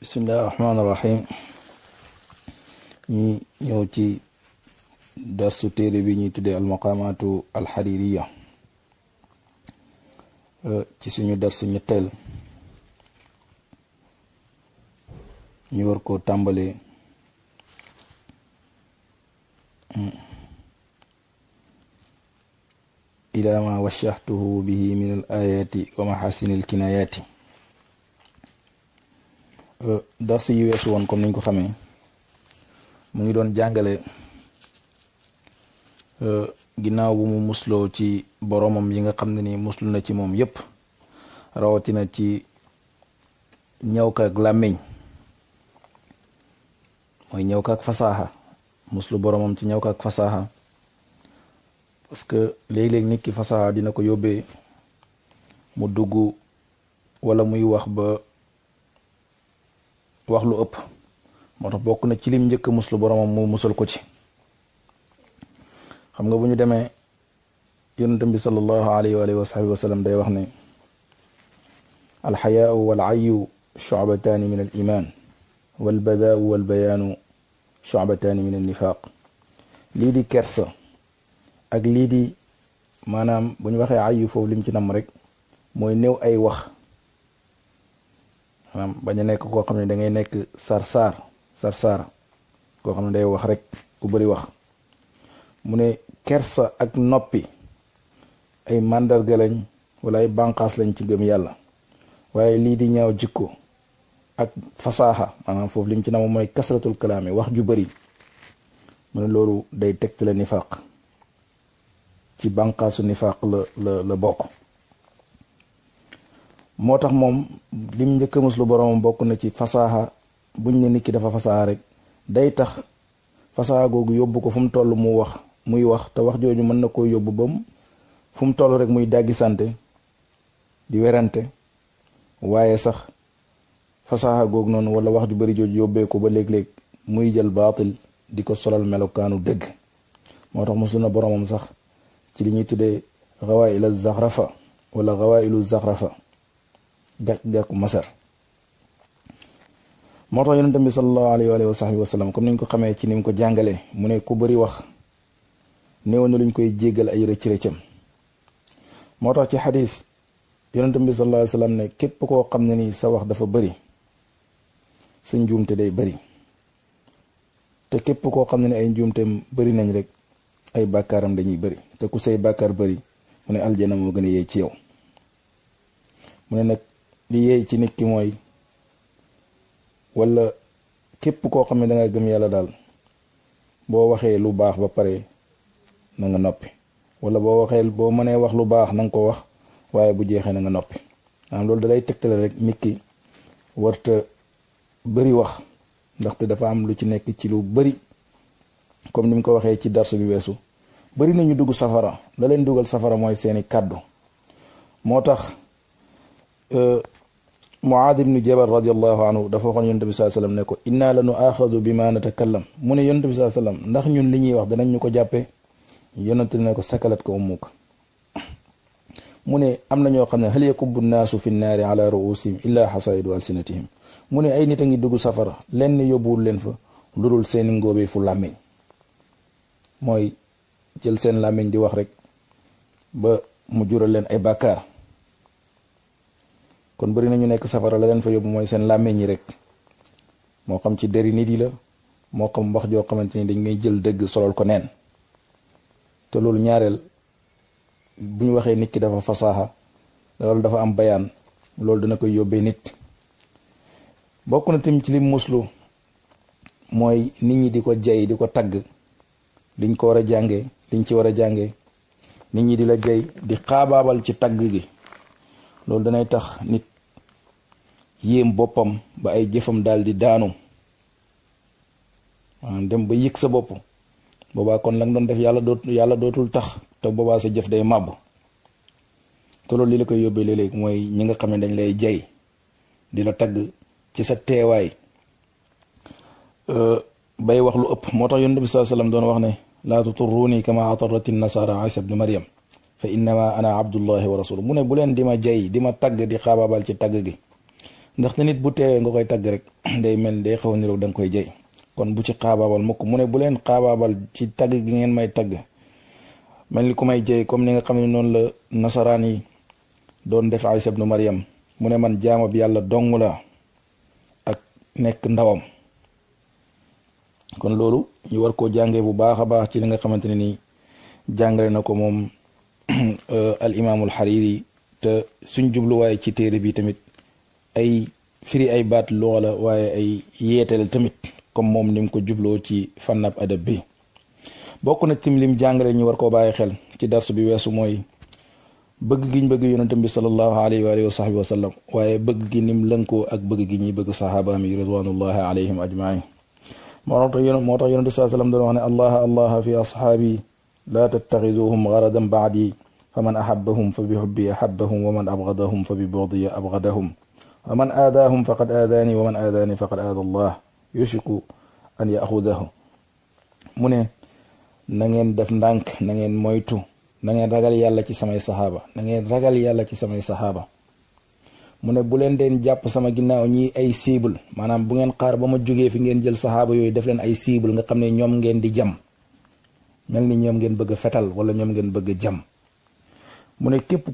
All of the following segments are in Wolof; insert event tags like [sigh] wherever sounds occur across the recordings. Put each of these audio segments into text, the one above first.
bismillahi rahmaani rahim ñi ñëw ci darsu téere bi ñuy tuddee almaqaamaatu alxaririya euh, ci suñu darsu ñetteel ñu war koo tàmbale ila ma bihi min al ayaati wa maxasini Euh, dars yi weesu woon comme niñ ko xame mu ngi doon jàngale euh, ginnaaw bu mu musloo ci boromam yi nga xam ne ni muslu na ci moom yépp rawatina ci ñëw kaak làmmiñ mooy ñëw kaak fasaaxa muslu boromam ci ñëw kaak fasaaxa parce que léeg-léeg nit ki fasaaxa dina ko yóbbee mu dugg wala muy wax ba wax lu ëpp motax bokku na ci lim ñëk muslu borom mo musul ko ci xam nga buñu démé demee bi sallallahu alayhi wa alihi wa sahbihi wa sallam day wax ne iman wal bada wa al bayan shu'batan min al nifaq li di kersa ak li di manam buñu waxe ayyu fofu lim ci nam rek moy new ay wax maanaam bañ a nekk koo xam ne da ngay nekk sar-sar sar koo xam ne day wax rek ku bari wax mu ne kersa ak noppi ay màndarga lañ wala ay bànqaas lañ ci gëm yàlla waaye lii di ñaaw jikko ak fasaaxa maanaam foofu lim ci nama mooy kasratul kalaami wax ju bari mu ne loolu day tegtale nifaaq ci bànqaasu nifaaq la la la bokk moo tax moom lim njëkk a muslu boroomam bokk na ci fasaaxa buñ ne nit ki dafa fasaaxa rek day tax fasaaxa googu yóbbu ko fu mu toll mu wax muy wax te wax jooju mën na koo yóbbu ba mu fu mu toll rek muy dàggi sante di werante waaye sax fasaaxa googu noonu wala wax ju bari jooju yóbbee ko ba léeg-léeg muy jël baatil di ko solal melokaanu dëgg moo tax muslu na boroomam sax ci li ñuy tuddee xawaayilu zaxrafa wala xawaayilu zaxrafa gàkk gàkku masar moo tax yonent bi sallallahu alayhi wa sahbihi wa sallam comme ni ñu ko xamee ci ni mu ko jàngalee mu ne ku bari wax néew na luñ koy jéggal ay rëcc rëccam moo tax ci xadis yonent bi sallallahu alayhi wa ne képp koo xam ne ni sa wax dafa bëri sa njuumte day bari te képp koo xam ne ni ay njuumteem bari nañ rek ay bàkkaaram dañuy bëri te ku say bàkkaar bëri mu ne aljana moo gën a yee ci yow mu ne nag li yeey ci nit ki mooy walla képp koo xam ne da nga gëm yàlla daal boo waxee lu baax ba pare na nga noppi walla boo waxee boo mënee wax lu baax na nga ko wax waaye bu jeexee na nga noppi maanaam loolu dalay tegtale rek nit ki warta bëri wax ndaxte dafa am lu ci nekk ci lu bari comme ni mu ko waxee ci darsu bi weesu bari nañu dugg safara la leen dugal safara mooy seeni kàddu moo tax euh, muaad ibnu jabal radiallahu anhu dafa waxoon yonent bi saa sallam ne ko innaa la nu axadu bi ma natakallam mu ne yonent bi saa sallam ndax ñun li ñuy wax danañ ñu ko jàppee yonent ne ko sakalat ko ummuka mu ne am na ñoo xam ne hal yakubbu nnaasu fi nnaari ala ruusihim illaa xasaidu alsinatihim mu ne ay nit a ngi dugg safara lenn yóbbuwul leen fa lu dul seeni ngóobee fu làmmiñ mooy jël seen làmmiñ di wax rek ba mu jural leen ay bàkkaar kon bari nañu nek safara la len fa yob moy sen lamegni rek mo xam ci deri nit yi la mo xam wax jo xamanteni dañ ngay jël deug solol ko nen te loolu ñaarel buñ waxe nit ki dafa fasaha loolu dafa am bayan loolu dana koy yóbbee nit bokku na tim ci lim muslu moy nit ñi di jey diko tag tagg liñ ko wara jange, liñ ci wara a nit ñi di la di xababal ci tag gi tax nit yéem boppam ba ay jëfam daal di daanu maanaam dem ba yëg sa bopp boobaa kon la doon def yàlla doot yàlla dootul tax te boobaa sa jëf day màbb te loolu li la koy yóbbee léeg léegi mooy ñi nga xam ne dañ lay jay di la tagg ci sa teewaay bay wax lu ëpp moo tax yonent bi saa sallam doon wax ne laa tuturruuni kama atarati nasara isa bni mariam fa innama ana abdullahi wa rasulu mu ne bu leen di ma jay di ma tagg di xaabaabal ci tagg gi ndax te nit bu teewee nga koy tagg rek [clears throat] day mel day xaw niroog da nga koy jëy kon bu ci xaabaabal mukk mu ne bu leen xaabaabal ci tagg gi ngeen may tagg mel ni ku may jëy comme ni nga xam ne noonu la nasaraan yi doon def Aysa ibnu Maryam mu ne man bi yàlla dong la ak nekk ndawam kon loolu ñu war koo jàngee bu baax a baax ci li nga xamante ne nii jàngale na ko moom [clears throat] euh, al imaamul Hariri te suñ jubluwaay ci téere bi tamit ay firi ay baat luxa la waaye ay yeete tamit comme moom ni mu ko jubloo ci fànnab adab bi bokk na tim lim jàngale ñu war koo bàyyi xel ci dars bi weesu mooy bëgg giñ bëgg yonentam bi salallahu alayhi wa alihi wa sahbi wa sallam waaye bëgg gi nim lënkoo ak bëgg gi ñuy bëgg saxaabaam yi ridwanullahi alayhim ajmain moo tax yon moo tax yonente saa sallam doon wax ne allaha allaha fi ashabi laa tattaxiduhum garadan baadi fa man ahabbahum fa bi hubbi ahabbahum wa abgadahum fa bi bugdiya abgadahum Aman آذاهم فقد آذاني ومن آذاني فقد آذى الله يشك أن يأخذه mu ne na ngeen def ndànk na ngeen moytu na ngeen ragal yàlla ci samay saxaaba na ngeen ragal yàlla ci samay saxaaba mu ne bu leen deen jàpp sama ginnaaw ñi ay cible maanaam bu ngeen xaar ba ma jógee fi ngeen jël saxaaba yooyu di jam mel ni ñoom ngeen bëgg wala ñoom ngeen bëgg jam mu ne képp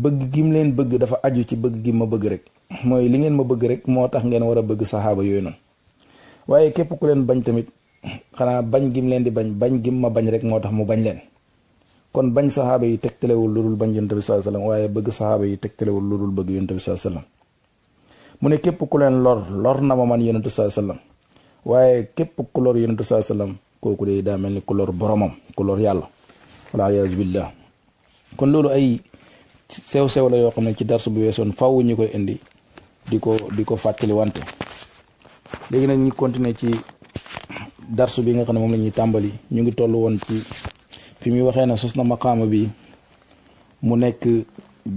bëgg gi mu leen bëgg dafa aju ci bëgg gi ma bëgg rek mooy li ngeen ma bëgg rek moo tax ngeen war a bëgg saxaaba yooyu noonu waaye képp ku leen bañ tamit xanaa bañ gim leen di bañ bañ gim ma bañ rek moo tax mu bañ leen kon bañ saxaaba yi tegtalewul lu dul bañ yonent bi sallallahu alayhi wasallam waaye bëgg saxaaba yi tegtalewul lu dul bëgg yonent bi sallallahu alayhi mu ne képp ku leen lor lor na ma man yonent bi sa alayhi waaye képp ku lor yonent bi sallallahu alayhi kooku de daa mel ni ku lor boromam ku lor yàlla wala iyaazu billah kon loolu ay sew sew la yoo xam ne ci darsu bu weesoon faaw ñu koy indi di ko di ko fàttali wante léegi nag ñi continuer ci darsu bi nga xam ne moom lañuy tàmbali ñu ngi toll woon ci fi muy waxee ne sos na maqaama bi mu nekk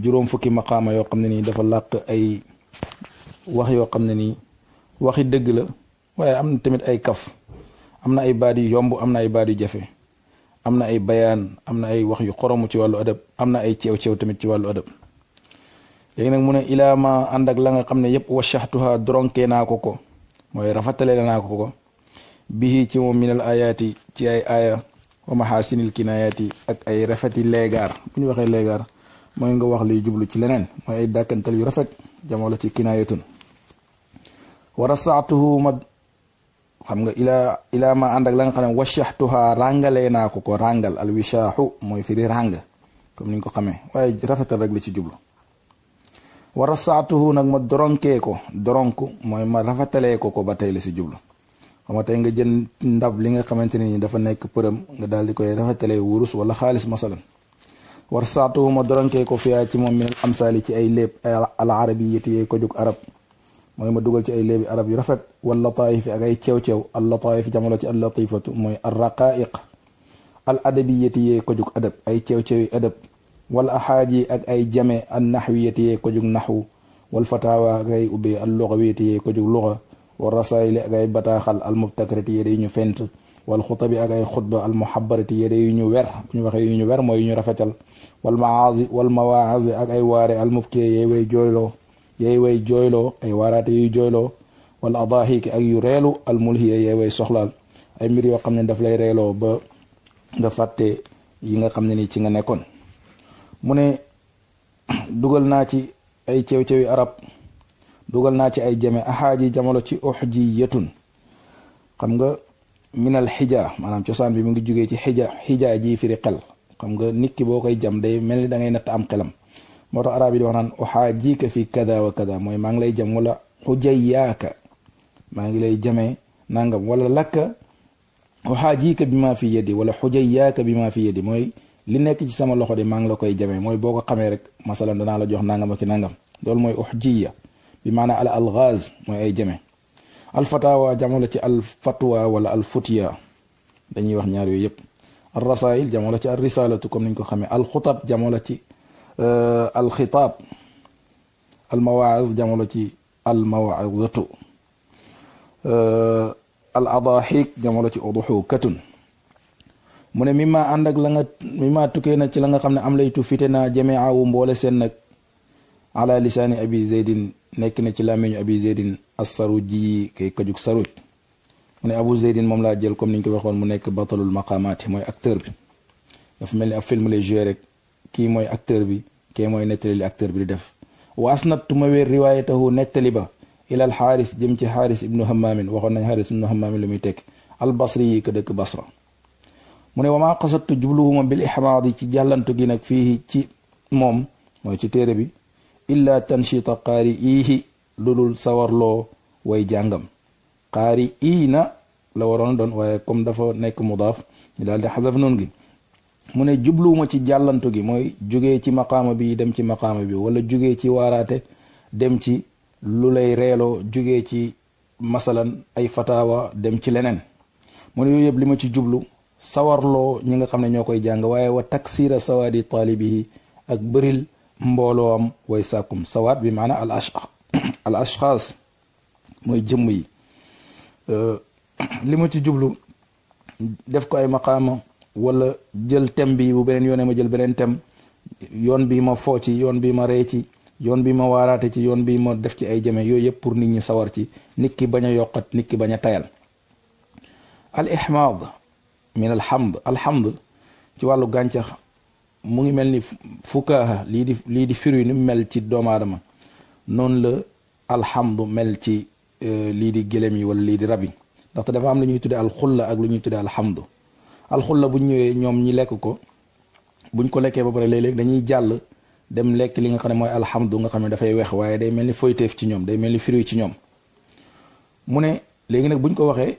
juróom fukki maqaama yoo xam ne nii dafa làq ay wax yoo xam ne nii waxi dëgg la waaye am na tamit ay kaf am na ay baat yu yomb am na ay baat jafe am na ay bayaan am na ay wax yu xoromu ci wàllu adab am na ay ceew-ceew tamit ci wàllu adab léegi nag mu ne ilaa ma ànd ak la nga xam ne yëpp wacaxtuha dronkee naa ko ko mooy rafatale naa ko ko bihi ci moom minal ayaati ci ay aaya wa maxaasinil kinaayaati ak ay rafeti leegaar bu ñu waxee leegaar mooy nga wax luy jublu ci leneen mooy ay dàkkantal yu rafet jamoo la ci kinaayatun wa rasaatuhu ma xam nga ilaa ilaa ma ànd ak la nga xam ne wachaxtuhaa ràngalee naa ko ko ràngal al mooy firi ràng comme ni nga ko xamee waaye rafetal rek la ci jublu wa rasaatuhu nag ma doronkee ko doronk mooy ma rafetalee ko ko ba tey la si jublu xam nga tey nga jën ndab li nga xamante ne nii dafa nekk përëm nga daal di koy rafetalee wurus wala xaalis masalan wa rasaatuhu ma doronkee ko fiyaa ci moom min al ci ay léeb al arabiyati yee ko jug arab mooy ma dugal ci ay léebi arab yu rafet wal lataayifi ak ay ceew-ceew al lataayif jamono ci al latifatu mooy al raqaiq al adabiyati yee ko jug adab ay ceew-ceew yi adab wal axaaji ak ay jame al naxwiyati yee ko jug naxwu wal fatawa ak ay ubbi al luxawiyati yee ko jug luxa wal rasaayili ak ay bataaxal al mubtakarati yee yi ñu fent wal xutabi ak ay xutba al muhabarati yee day ñu wer ñu waxee yu ñu wer mooy yu ñu rafetal wal maazi wal mawaazi ak ay waare al mubkiye yee way yay way jooyloo ay waaraate yuy jooyloo wala adahiki ak yu reelu almulhiya yay way soxlaal ay mbir yoo xam daf lay reeloo ba nga fàtte yi nga xam ne ni ci nga nekkoon mu dugal naa ci ay cew-cewi arab dugal naa ci ay jame axaaji jamono ci ux ji xam nga minal hija maanaam cosaan bi mu ngi jugee ci xija xija ji firi xel xam nga nit ki boo koy jam day mel da ngay natt am xelam moo tax arab yi di wax naan uxaajiika fi kada wa kada mooy maa ngi lay jam wala xujayyaaka maa ngi lay jamee nangam wala lakka uxaajiika bi maa fi yadi wala xujayyaaka bi maa fi yadi mooy li nekk ci sama loxo de maa ngi la koy jamee mooy boo ko xamee rek masalan danaa la jox nangam ak nangam loolu mooy uxjiya bi maanaa al algaaz mooy ay jamee alfatawa jamoo la ci alfatwa wala alfutiya dañuy wax ñaar yooyu yëpp al rasail jamoo la ci al risalatu comme niñ ko xamee alxutab jamoo la ci آه، الخطاب المواعظ جملتي المواعظة آه، الأضاحيك جملتي أضحوكة من مما عندك لنا مما تكينا تلنا خمنا أمليتو فتنا جميعا ومبولة على لسان أبي زيد نكنا تلامين أبي زيد السروجي كي كجوك سروج من أبو زيد مملا جيلكم نينك بخون منك بطل المقامات موي أكتر فملي أفلم لجيرك kii mooy acteur bi kii mooy nettali li acteur bi di def wa asnabtu ma wéer riwaayatahu nettali ba ilal xaaris jëm ci xaaris ibnu hammaamin waxoon nañ xaaris ibnu hammaamin lu muy teg albasri yi ko dëkk basra mu ne wamaa xasattu jubluhuma bil ixmaadi ci jàllantu gi nag fii ci moom mooy ci téere bi illaa tanchita qaari iihi lulul sawarloo way jàngam qaari iina la waroon doon waaye comme dafa nekk mudaaf ñu daal di xasaf noon gi mu ne jubluwuma ci jàllantu gi mooy jugee ci maqaama bi dem ci maqaama bi wala jugee ci waaraate dem ci lu lay reeloo jugee ci masalan ay fatawa dem ci leneen mu ne yooyu yëpp li ma ci jublu sawarloo ñi nga xam ne ñoo koy jàng waaye wa taksira sawaadi taalibihi ak bëril mbooloom way sàkkum sawaat bi maana al [coughs] mooy jëmm yi euh, [coughs] li ma ci jublu def ko ay maqaama wala jël thème bi bu beneen yoonee ma jël beneen thème yoon bi ma foo ci yoon bi ma rey ci yoon bi ma waaraate ci yoon bi ma def ci ay jëme yooyu yëpp pour nit ñi sawar ci nit ki bañ a yokkat nit ki bañ a tayal al ihmaad min alhamd alhamd ci wàllu gàncax mu ngi mel ni fukaaha lii di lii di firi ni mel ci doomu aadama noonu la alhamd mel ci euh, lii di gëlëm yi wala lii di rab yi ndaxte dafa am lu ñuy tuddee alxulla ak lu ñuy tuddee alhamdu alxulla bu ñëwee ñoom ñi lekk ko buñ ko lekkee ba pare léeg-léeg dañuy jàll dem lekk li nga xam ne mooy alhamdu nga xam ne dafay weex waaye day mel ni foyteef ci ñoom day mel ni fruit ci ñoom mu ne léegi nag buñ ko waxee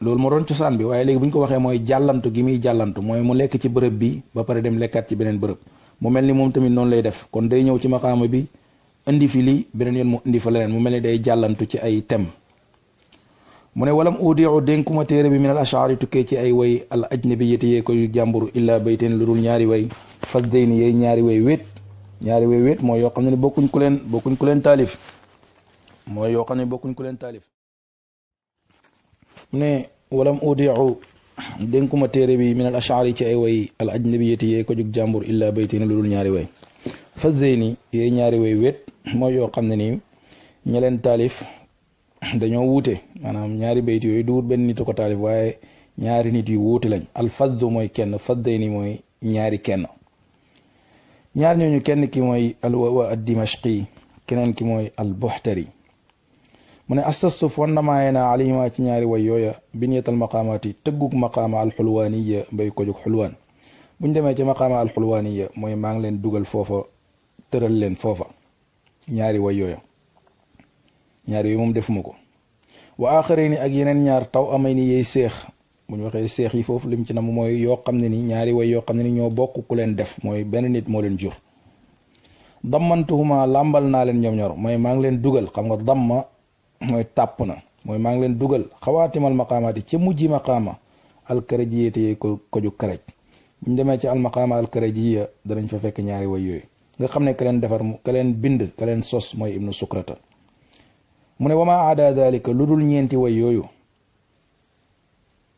loolu moo doon cosaan bi waaye léegi buñ ko waxee mooy jàllantu gi muy jàllantu mooy mu lekk ci bërëb bi ba pare dem lekkaat ci beneen bërëb mu mel ni moom tamit noonu lay def kon day ñëw ci maqaama bi indi fi lii beneen yoon mu indi fa leneen mu mel ni day jàllantu ci ay tem mu ne walam udiu dénkuma téere bi min al ashaari tukkee ci ay way al ajnabiyati yee koy jàmbur illaa bayteen lu dul ñaari way fas deyni yey ñaari way wéet ñaari way wéet mooy yoo ne bokkuñ ku leen bokkuñ ku leen taalif yoo xam ne bokkuñ ku leen taalif mu ne walam udiu dénkuma téere bi min al ashaari ci ay way al ajnabiyati yee ko jug jàmbur illa bayteen lu dul ñaari way fas deyni ñaari way wet mooy yoo xam ne nii ña leen taalif [coughs] dañoo wuute maanaam ñaari bayt yooyu duwut benn nit ko taalif waaye ñaari nit yu wuute lañ alfaddu mooy kenn faddee ni mooy ñaari kenn ñaar ñooñu kenn ki mooy alwawa ad dimashqi keneen ki mooy albuxtari mu ne assastu fondement na alayhima ci ñaari way yooya biniyatal maqaamaati tëggug maqaama alxulwaaniya mbay ko jug xulwaan buñ demee ci maqaama alxulwaaniya mooy maa ngi leen dugal foofa tëral leen foofa ñaari way yooya ñaar yooyu moom defuma ko wa axare ni ak yeneen ñaar taw amay ni yey seex bu ñu waxee seex yi foofu lim ci na nam mooy yoo xam ne ni ñaari way yoo xam ne ni ñoo bokk ku leen def mooy benn nit moo leen jur dammantuhuma làmbal naa leen ñoom ñor mooy maa ngi leen dugal xam nga damma mooy tàpp na mooy maa ngi leen dugal xawaatimal maqaamaati ca mujji maqaama alkarajiyeete yi ko koju karaj bu ñu demee ci almaqaama alkarajiya danañ fa fekk ñaari way yooyu nga xam ne ka leen defar ka leen bind ka leen sos mooy ibnu sukrata mu ne wama aada dalika lu dul ñeenti way yooyu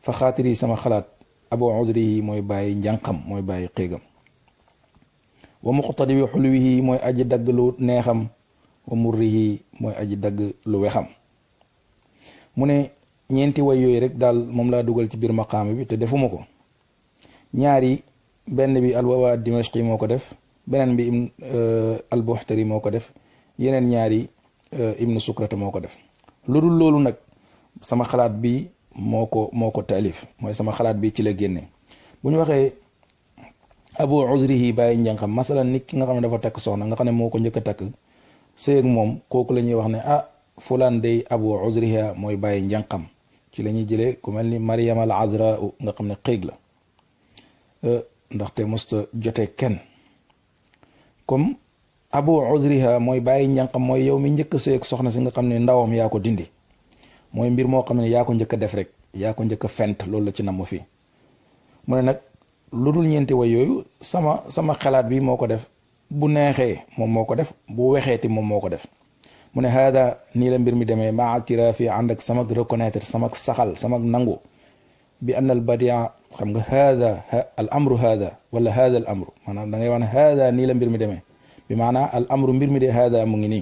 fa xaatiri sama xalaat abu udrihi mooy bàyyi njànqam mooy bàyyi xéegam wa muqtadibi xulwihi mooy aji dagg lu neexam wa murrihi mooy aji dagg lu wexam mu ne ñeenti way yooyu rek daal moom laa dugal ci biir maqaama bi te defuma ko ñaari benn bi alwawa dimashqi moo ko def beneen bi euh, albuxtari moo ko def yeneen ñaari Euh, ibnu sukrata moo ko def lu dul loolu nag sama xalaat bi moo ko moo ko taalif mooy sama xalaat bi ci la génne bu ñu waxee abu yi bàyyi njàngxam masalan nit ki nga xam ne dafa takk soxna nga xam ne moo ko njëkk a takk sëyeg moom kooku la ñuy wax ne ah fulaan day abu uzriha mooy bàyyi njàngxam ci la ñuy jëlee ku mel ni mariam al azra nga xam ne xiig la euh, ndaxte mosta jote kenn comme abu udriha mooy bàyyi njànqam mooy yow mi njëkk seeg soxna si nga xam ne ndawam yaa ko dindi mooy mbir moo xam ne yaa ko njëkk a def rek yaa ko njëkk fent loolu la ci namm fii mu ne nag lu dul ñeenti way yooyu sama sama xalaat bi moo ko def bu neexee moom moo ko def bu wexee ti moom moo ko def mu ne haada nii la mbir mi demee maa tiraafi ànd ak samak reconnaître samak saxal samak nangu bi ann al badia xam nga haada al amru haada wala haada al amru da ngay wax ne haada nii la mbir mi demee بمعنى الامر مرمي هذا مغني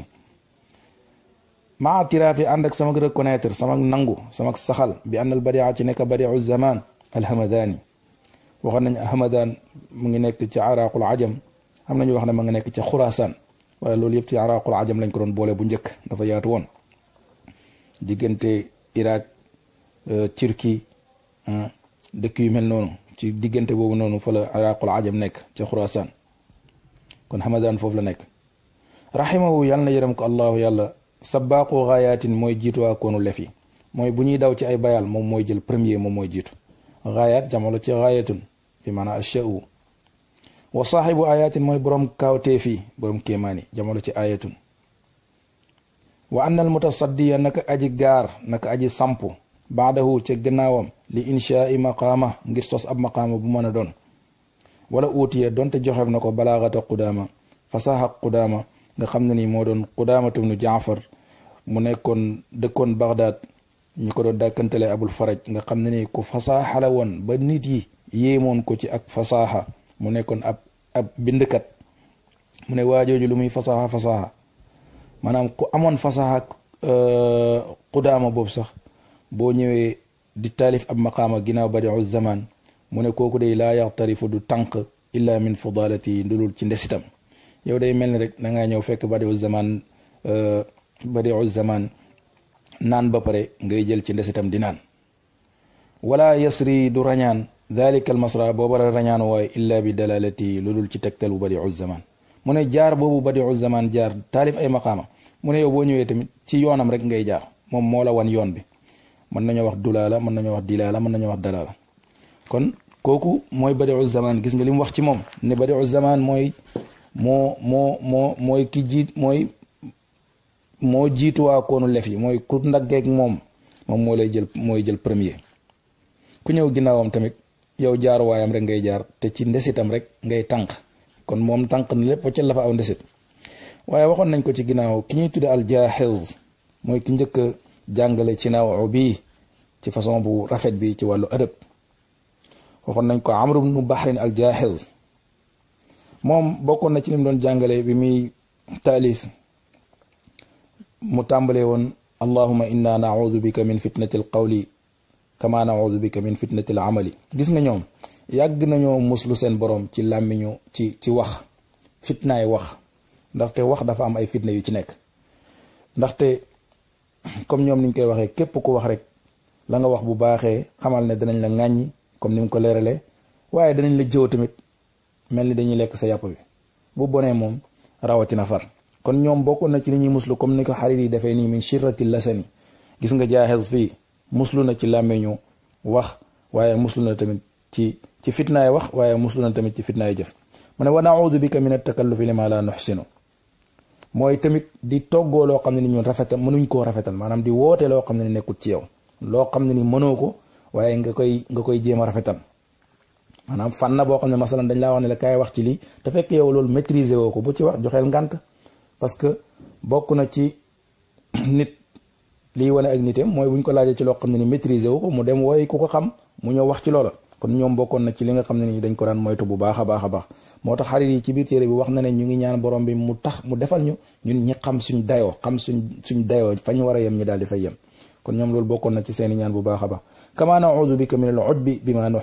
مع اعترافي عندك سمك ركوناتر سمك نانغو سمك سخل بان البريعة نك بريع الزمان الهمذاني وغنى همذان مغنيك تي عراق العجم امنا نيو خنا مغنيك تي خراسان ولا لول يب تي عراق العجم لنكرون كرون بوله بو نجهك دا فا ياتو وون ديغنتي العراق آه، تركي آه، دكيو مل نونو تي ديغنتي بوبو نونو فلا عراق العجم نك تي خراسان kon foofu la nekk raximahu yàlla na yërëm ko allahu yàlla sabaqu gaayaatin mooy jiituwaa koonu lef mooy bu ñuy daw ci ay bayal moom mooy jël premier moom mooy jiitu gaayaat jamolo ci gaayatun bi maanaa ashau wa saaxibu ayatin mooy borom kaawteef yi boroom kéemaani jamolo ci ayatun wa anna al mutasaddiya naka aji gaar naka aji samp baadahu ca gannaawam li inchaa i maqaama ngir sos ab maqaama bu mën a doon wala uutiya donte joxef na ko balaaxata qudaama fasaxa qudaama nga xam ne nii moo doon qudaamatu nu jaafar mu nekkoon dëkkoon Bagdad ñu ko doon dàkkantale abul faraj nga xam ne nii ku fasaaxa la woon ba nit yi yéemoon ko ci ak fasaaxa mu nekkoon ab ab bindkat mu ne waajooju lu muy fasaaxa fasaaxa maanaam ko amoon fasaaxa ak euh, qudaama boobu sax boo ñëwee di taalif ab maqaama ginnaaw badiu zaman mu ne kooku day laa yaxtarifu du tànq illa min fudalati ndulul ci ndesitam yow day mel ni rek da ngaa ñëw fekk badiu zaman euh, badiu zaman naan ba pare ngay jël ci ndesitam di naan wala yasri du rañaan dalika almasra booba la rañaan waaye illa bi dalalati lulul ci tegtal bu badiu zaman mu ne jaar boobu badiu zaman jaar taalif ay maqaama mu ne yow boo ñëwee tamit ci yoonam rek ngay jaar moom moo la wan yoon bi mën nañu wax dulaala mën nañoo wax dilaala mën nañoo wax dalaala kon kooku mooy badiu zaman gis nga li mu wax ci moom ne badiu zaman mooy moo moo moo mooy ki jiit mooy moo jiituwaa koonu lef yi mooy ku ndaggeeg moom moom moo lay jël mooy jël premier ku ñëw ginnaawam tamit yow jaar waayam rek ngay jaar te ci ndesitam rek ngay tànk kon moom tànk na lépp waccal la fa aw ndesit waaye waxoon nañ ko ci ginnaaw ki ñuy tudde aljaaxiz mooy ki njëkk jàngale ci naaw bi ci façon bu rafet bi ci wàllu adab waxon nañ ko amru ibn bahr al-jahiz mom bokon na ci nim don jangale bi mi talif mu tambale اللهم انا نعوذ بك من فتنه القول كما نعوذ بك من فتنه العمل غيس نيو نيوم ياغ نيو مسلو سن بروم تي لامينو تي تي واخ فتنه واخ داختي واخ دا فا ام اي فتنه يو تي نيك داختي كوم نيوم نينكاي واخي كيب كو واخ ريك لاغا واخ بو باخي خمال ني دنا لا غاني comme ni mu ko leralé waaye danañ la jëw tamit mel ni dañuy lekk sa yàpp bi bu bonee moom rawatina far kon ñoom bokku na ci li ñuy muslu comme ni ko defé yi nii min shirrati lasani gis nga jaaxes fii muslu na ci làmmeñu wax waaye muslu na tamit ci ci fitnaay wax waaye muslu na tamit ci fitnaay jëf mu ne wa na'udhu bika min attakallufi lima la nuhsinu mooy tamit di toggoo loo xam ne ni ñun rafetal mënuñ koo rafetal maanaam di woote loo xam ne nekkut ci yow loo xamni mënoko mënoo ko waye nga koy nga koy jema rafetal manam fànn boo xam ne masalan dañ la wax ni la kay wax ci li te fekk yow lol maîtriser woko bu ci wax joxel ngant parce que bokku na ci [clears throat] nit li wala ak nitem moy buñ ko laaje ci lo xamne ni maîtriser woko mu dem woy kuko xam mu ñow wax ci lolo kon ñom bokkon na ci li nga xamne ni dañ ko daan moytu bu baax a baax motax xarit yi ci biir téré bi wax na ne ñu ngi ñaan borom bi mu tax mu defal ñu ñun ñi xam suñu dayo xam suñu suñu dayo fañ wara yam ñi yem fay yam kon ñom lool bokkon na ci seen ñaan bu baax kama bi bika min al ujbi bima no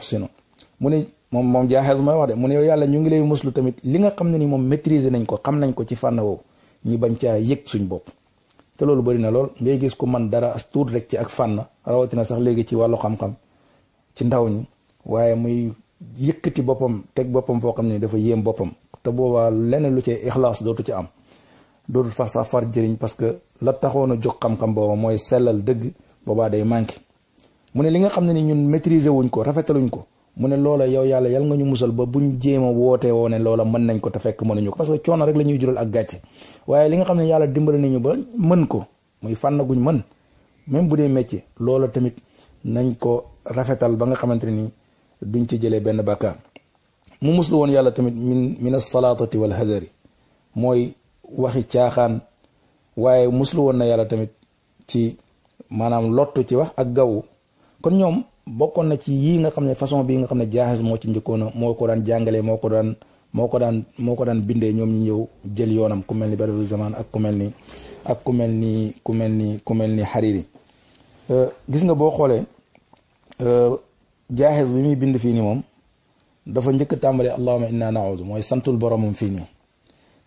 mu ne moom moom jaaxees mooy wax de mu ne yow yàlla ñu ngi lay muslu tamit li nga xam ne ni moom maîtriser nañ ko xam nañ ko ci fànn woo ñi bañ caa yëg suñ bopp te loolu bëri na lool ngay gis ku man dara as tuut rek ci ak fànn rawatina sax léegi ci wàllu xam-xam ci ndaw ñi waaye muy yëkkati boppam teg boppam foo xam ne dafa yéem boppam te boobaa lenn lu ci ixlaas dootu ci am dootul far sax far jëriñ parce que la taxoon a jox xam-xam mooy sellal dëgg boobaa day manqué mu ne li nga xam ne ni ñun maîtriser wuñ ko rafetaluñ ko mu ne loola yow yàlla yal nga ñu musal ba buñ jéema woote wootee woo ne loola mën nañ ko te fekk mënuñu ko parce que coono rek la ñuy jural ak gàcce waaye li nga xam ne yàlla dimbali nañu ba mën ko muy fànn guñ mën même bu dee métier loola tamit nañ ko rafetal ba nga xamante ni duñ ci jëlee benn bàkkaar mu muslu woon yàlla tamit min min asalaatati wal hadari mooy waxi caaxaan waaye muslu woon na yàlla tamit ci maanaam lottu ci wax ak gaw kon ñoom bokkoon na ci yii nga xam ne façon bii nga xam ne jaaxas moo ci njëkkoon moo ko daan jàngalee moo ko daan moo ko daan moo ko daan bindee ñoom ñi ñëw jël yoonam ku mel ni Badaru Zaman ak ku mel ni ak ku mel ni ku mel ni ku mel ni euh, gis nga boo xoolee euh, jaaxes bi muy bind fii nii moom dafa njëkk a tàmbali allahumma na naudu mooy santul moom fii nii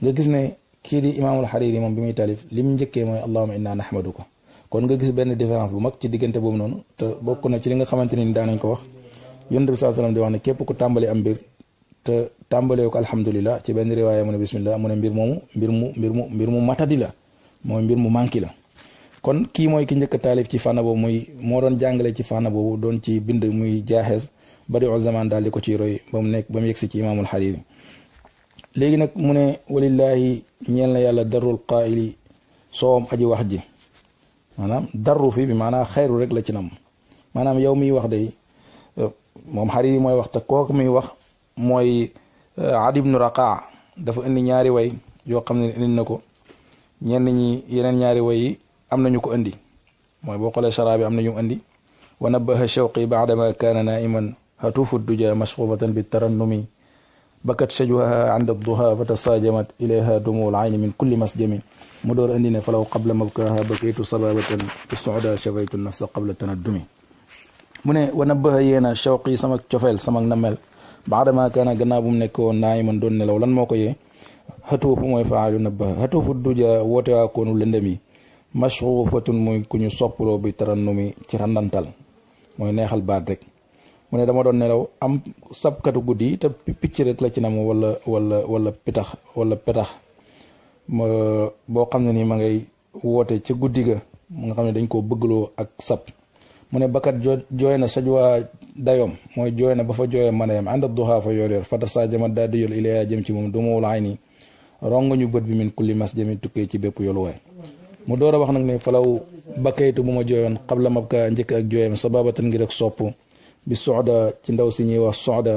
nga gis ne kii di imaamul Hariri moom bi muy talif li mu njëkkee mooy allahumma inna ko kon nga gis benn différence bu mag ci diggante boobu noonu te bokk na ci li nga xamante ni daanañ ko wax yonent bi sallallahu alayhi di wax ne képp ku tàmbali am mbir te tàmbalee ko alhamdulilah ci benn riwaaya mu ne bismillah mu ne mbir moomu mbir mu mbir mu mbir mu matadi la mooy mbir mu manqué la kon kii mooy ki njëkk a taalif ci fànn boobu muy moo doon jàngale ci fànn boobu doon ci bind muy jaaxees bari o zaman daal di ko ciy roy ba mu nekk ba mu yegsi ci imaamul xadiis léegi nag mu ne walillahi ñeel na yàlla darul qaayili soowam aji wax ji manam daru fi bi maanaam khairu rek la ci nam manam yow mi wax day mom xariri moy wax ta kok mi wax moy ad ibn raqa' dafa indi ñaari way yo xam indi nako ñen ñi yenen ñaari way yi am nañu ko indi moy bo xole sharabi am nañu indi wa nabaha shawqi ba'da ma kana naiman hatufu duja mashghubatan bit tarannumi bakat shajwaha inda duha fatasajamat ilayha dumu al ayni min kulli masjamin mu door andi ne falaw qabla mabkaha bakaytu sababatan bi suda shafaytu sa qabla tanaddumi mu ne wa nabbaha yéena shawqi sama cofeel sama namel baada ma kaana gannaaw bu mu nekk woon man doon nelaw lan moo ko yee xatuufu mooy faalu nabbaha xatuufu duja woote waa koonu lëndëm yi mashrufatun muy ku ñu soppaloo bi tarannumi ci randantal mooy neexal baat rek mu ne dama doon nelaw am sabkatu guddi te picc rek la ci nam wala wala wala pitax walla petax boo xam ne nii ma ngay woote ca guddi ga nga xam ne dañ koo bëggloo ak sab mu ne bakkat jo jooy na sajwaa dayoom mooy jooy na ba fa jooyam mën a yem ànd ak duxaa fa yor yor fata saa jamat daal di yol ilaya jëm ci moom du mawul ay nii rong ñu bët bi min kulli mas jëmi tukkee ci bépp yolu mu door a wax nag ne falaw bakkaytu bu ma jooyoon xabla mabka njëkk ak jooyam sababatan ngir ak sopp bi soxda ci ndaw si ñuy wax soxda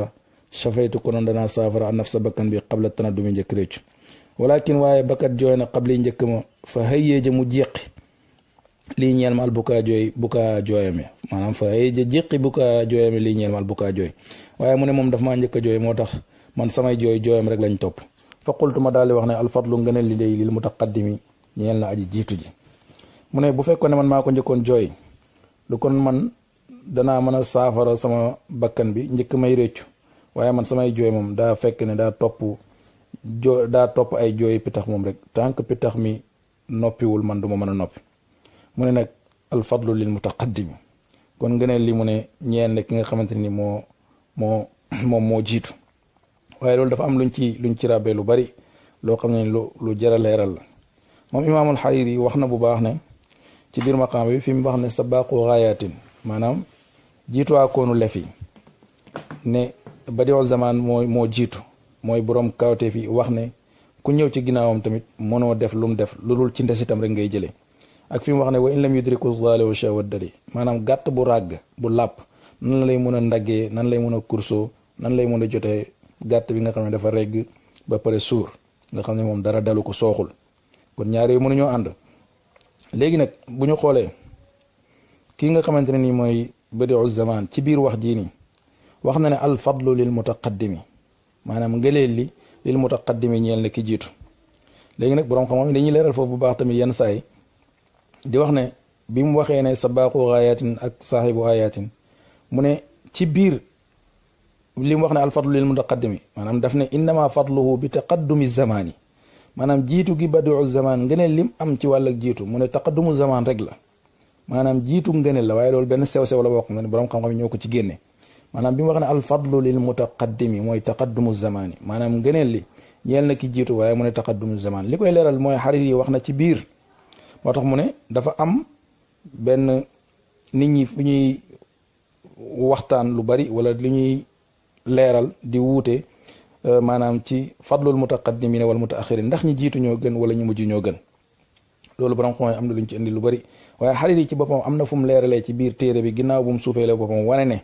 safaytu konoon danaa saafara naf sa bakkan bi xabla tana du mi walakin waaye bakkat jooy na xabli njëkk ma fa hayyeeja mu jeqi lii ñeel ma al bukaa jooy bukaa jooyame maanaam fa hayyeeja jeqi bukaa jooyame lii ñeel ma al bukaa jooy waaye mu ne moom daf maa njëkk jooy moo tax man samay jooy jooyam rek lañ topp fa qultu ma daal di wax ne alfadlu ngëneel li day lil mutaqaddimi ñeel na aji jiitu ji mu ne bu fekkoon ne man maa ko njëkkoon jooy lu kon man danaa mën a saafara sama bakkan bi njëkk may réccu waaye man samay jooy moom daa fekk ne daa topp jo daa topp ay jooyi pitax moom rek tant que pitax mi noppiwul man du ma mën a noppi mu ne nag alfadlu lil mutaqaddimi kon ngëneel lii mu ne ñeen ki nga xamante ni moo moo [clears throat] moom moo jiitu waaye loolu dafa am luñ ci luñ ci ràbbee lu bari loo xam ne lu lu jara leeral la moom imaamul xariri yi wax na bu baax ne ci biir maqaam bi fi mu wax ne sabaqu gaayatin maanaam jiituwaa koonu lef yi ne badiul zaman moo moo jiitu moy borom kawte fi wax ne ku ñëw ci ginaawam tamit mëno def lu mu def lulul ci ndesitam rek ngay jëlé ak fi mu wax ne wa in lam yudriku zaalewu shawaddali manam gàtt bu rag bu lap nan lay mëna ndagge nan lay mëna kurso nan lay mëna a gàtt bi nga xamne dafa reg ba pare sour nga xamne mom dara dalu ko soxul kon ñaar yu mënu mënuñoo ànd légui nak bu ñu xoolee kii nga xamanteni moy nii badiu zaman ci bir wax jii nii wax na ne al fadlu lil mutaqaddimi maanaam ngëneel li lil mutaqaddimi ñeel na ki jiitu léegi nag borom xam-xam dañuy leeral foofu bu baax tamit yenn saa yi di wax ne bi mu waxee ne sa sabaqu ayatin ak saaxibu ayatin mu ne ci biir li mu wax ne alfadlu lil mutaqaddimi maanaam daf ne innama fadluhu bi taqaddumi zamaani maanaam jiitu gi badiu zaman ngëneel lim am ci wàll jiitu mu ne taqaddumu zaman rek la maanaam jiitu ngëneel la waaye loolu benn sew-sew la boo xam ne borom xam-xam ñoo ko ci génne maanaam bi mu wax ne alfadlu lil mutaqaddimi mooy taqaddumu zamaani maanaam ngëneel li ñeel na ki jiitu waaye mu ne taqaddumu zaman li koy leeral mooy xarit yi wax na ci biir moo tax mu ne dafa am benn nit ñi bu ñuy waxtaan lu bari wala li ñuy leeral di wuute euh, maanaam ci fadlul mutaqaddimina wal mutaaxirin ndax ñi jiitu gën wala ñu mujj ñoo gën loolu borom xam am na lu ñu ci lu bari waaye xarit yi ci boppam am na fu mu leeralee ci biir téere bi ginnaaw bu mu suufeelee boppam wane ne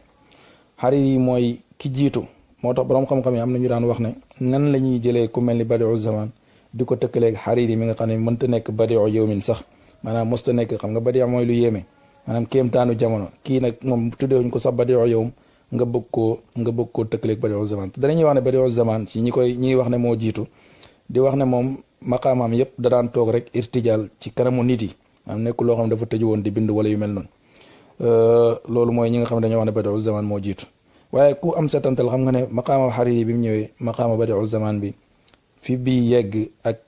xarir yi mooy ki jiitu moo tax boroom xam-xam yi am na ñu daan wax ne nan la ñuy jëlee ku mel ni badiu zaman di ko tëkkaleeg xarir yi mi nga xam ne mënta nekk badiu yowmin sax maanaam mosta nekk xam nga badiu mooy lu yéeme maanaam kéemtaanu jamono kii nag moom tuddewuñ ko sax badiu yowm nga bëgg koo nga bëgg koo tëkkaleeg badiu zaman te ñuy wax ne badiu zaman ci ñi koy ñiy wax ne moo jiitu di wax ne moom maqaamaam yépp da daan toog rek irtijaal ci kanamu nit yi am nekk loo xam ne dafa tëju woon di bind wala yu mel noonu Euh, loolu mooy ñi nga xam ne dañoo wax ne badaul zaman moo jiitu waaye ku am sa setantal xam nga ne maqaama xariri bi mu ñëwee maqaama badaul zaman bi fi bii yegg ak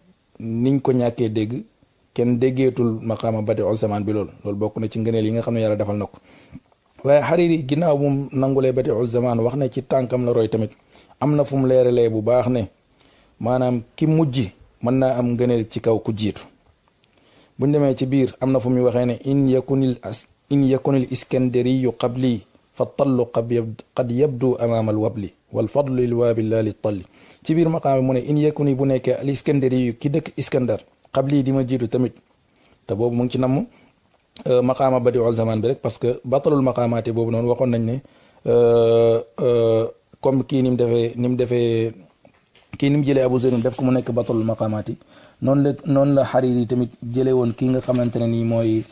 niñ ko ñàkkee dégg kenn déggeetul maqaama badaul zaman bi loolu loolu bokk na ci ngëneel yi nga xam ne yàlla defal na ko waaye xariri ginnaaw mum nangulee badaul zaman wax ne ci tànkam la roy tamit am na fu mu leeralee bu baax ne maanaam ki mujj mën naa am ngëneel ci kaw ku jiitu buñ demee ci biir am na fu muy waxee ne in yakunil as إن يكن الإسكندري قبلي فالطل قد يبدو أمام الوبل والفضل الواب لا للطل تبير مقام من إن يكن بنيك الإسكندري كدك إسكندر قبلي دي مجير تمت تبوب ممكن نمو آه، مقام بديع الزمان بلك بس بطل المقامات بوب نون وقلنا نجني آه، آه، كم كي نم دفع نم دفع كي نم جلي أبو زينم دفكم نيك بطل المقامات نون لك نون لحريري تمت جلي ون كينغ خمنتني موي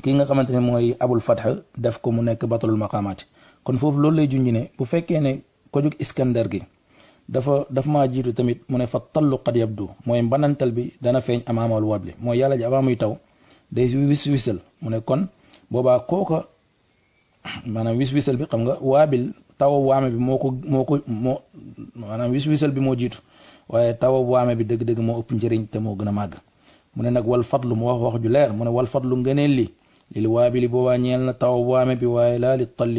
ki nga xamantene moy abul fath def ko mu nek batul maqamat kon fofu loolu lay junj ne bu fekke ne ko juk iskandar gi dafa daf ma jitu tamit mu ne fa tallu qad yabdu moy banantal bi dana feñ amama amaamal wadli moy yàlla ji avant muy taw day wis wisal mu ne kon boba kooka manam wis wisal bi xam nga wabil taw waame bi moko moko moo ko wis wisal bi mo jitu waye taw waame bi deug deug mo upp njëriñ te mo gëna mag mu ne nak wal fadlu mo wax wax ju leer mu ne wal fadlu ngëneel li للوابل بوا نيل تاو وامي بي واي لا للطل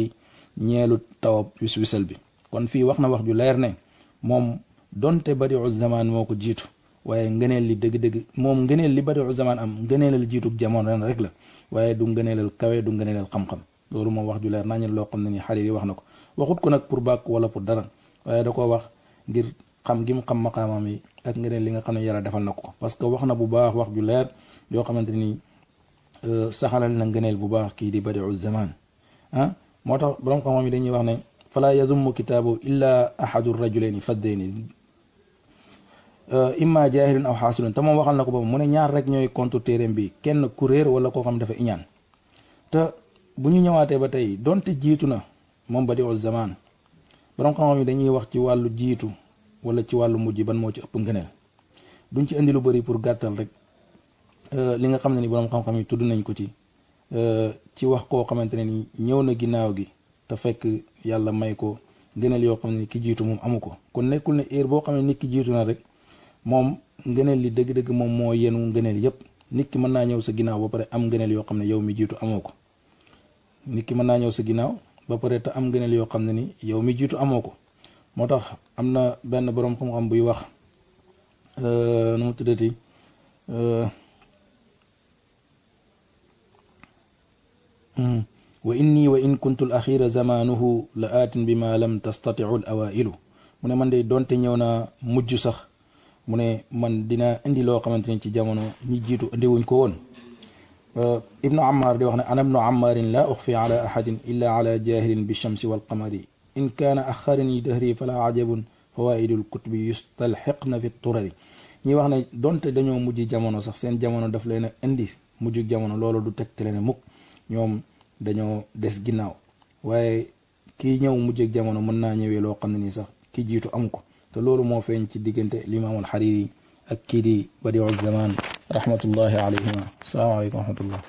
نيلو تاو بيس بيسل بي كون في واخنا واخ جو لير ني موم دونت بدي الزمان موكو جيتو واي غنيل لي دغ دغ موم غنيل لي بدي الزمان ام غنيل لي جيتو جامون رن ريك لا واي دو غنيل الكاوي دو غنيل الخمخم لورو ما واخ جو لير ناني لو خمن ني حريري واخ نكو واخوت كو ولا بور دار واي داكو واخ ngir xam gi mu xam maqamam yi ak ngeneen li nga xam ne yàlla defal na ko parce que Euh, saxalal na ngëneel bu baax kii di badiu zaman ah moo tax borom xam-xam yi dañuy wax ne fala yadummu kitaabu illa ahadu rajulayni faddeyni euh, imma jaahilun aw xaasilun te moom waxal na ko boobu mu ne ñaar rek ñooy compte téeréem bi kenn ku réer wala koo xam dafa iñaan te bu ñuy ñëwaatee ba tey donte jiitu na moom badiu zaman borom xam-xam yi dañuy wax ci wàllu jiitu wala ci wàllu mujj ban moo ci ëpp ngëneel duñ ci indi lu bëri pour gàttal rek Euh, li nga xam ne ni boroom xam-xam yi tudd nañ ko ci euh, ci wax koo xamante ne ni ñëw na ginnaaw gi te fekk yàlla may ko ngëneel yoo xam ne ni ki jiitu moom amu ko kon nekkul ne heure boo xam ne nit ki jiitu na rek moom ngëneel li dëgg moom moo yenu ngëneel yépp nit ki mën naa ñëw sa ginnaaw ba pare am ngëneel yoo xam ne yow mi jiitu amoo ko nit ki mën naa ñëw sa ginnaaw ba pare te am ngëneel yoo xam ne ni yow mi jiitu amoo ko moo tax am na benn boroom xam-xam buy wax euh, nu mu tuddati Hmm. wa inni wa in kuntu l axira zamaanuhu la aatin bi ma lam tastatiu l awailu ne man de donte ñëw naa mujj sax mu ne man dina indi loo xamante ne ci jamono ñi jiitu indiwuñ ko woon uh, ibnu ammar di wax ne ana ibnu ammarin la uxfi ala ahadin illa ala jahilin bi shamsi wal qamari in kaana axarini dahri fala ajabun fawaidul kutubi yustalxiqna fi turari ñi wax ne donte dañoo mujj jamono sax seen jamono daf leen a indi mujj jamono loolu du tegtale ne dañoo des ginnaaw waaye kii ñëw mujjeg jamono mën naa ñëwee loo xam ne nii sax ki jiitu am ko te loolu moo feeñ ci diggante limaam alxariri ak kii di badiu zaman rahmatullahi alayhima salaamaaleykum wa rahmatullah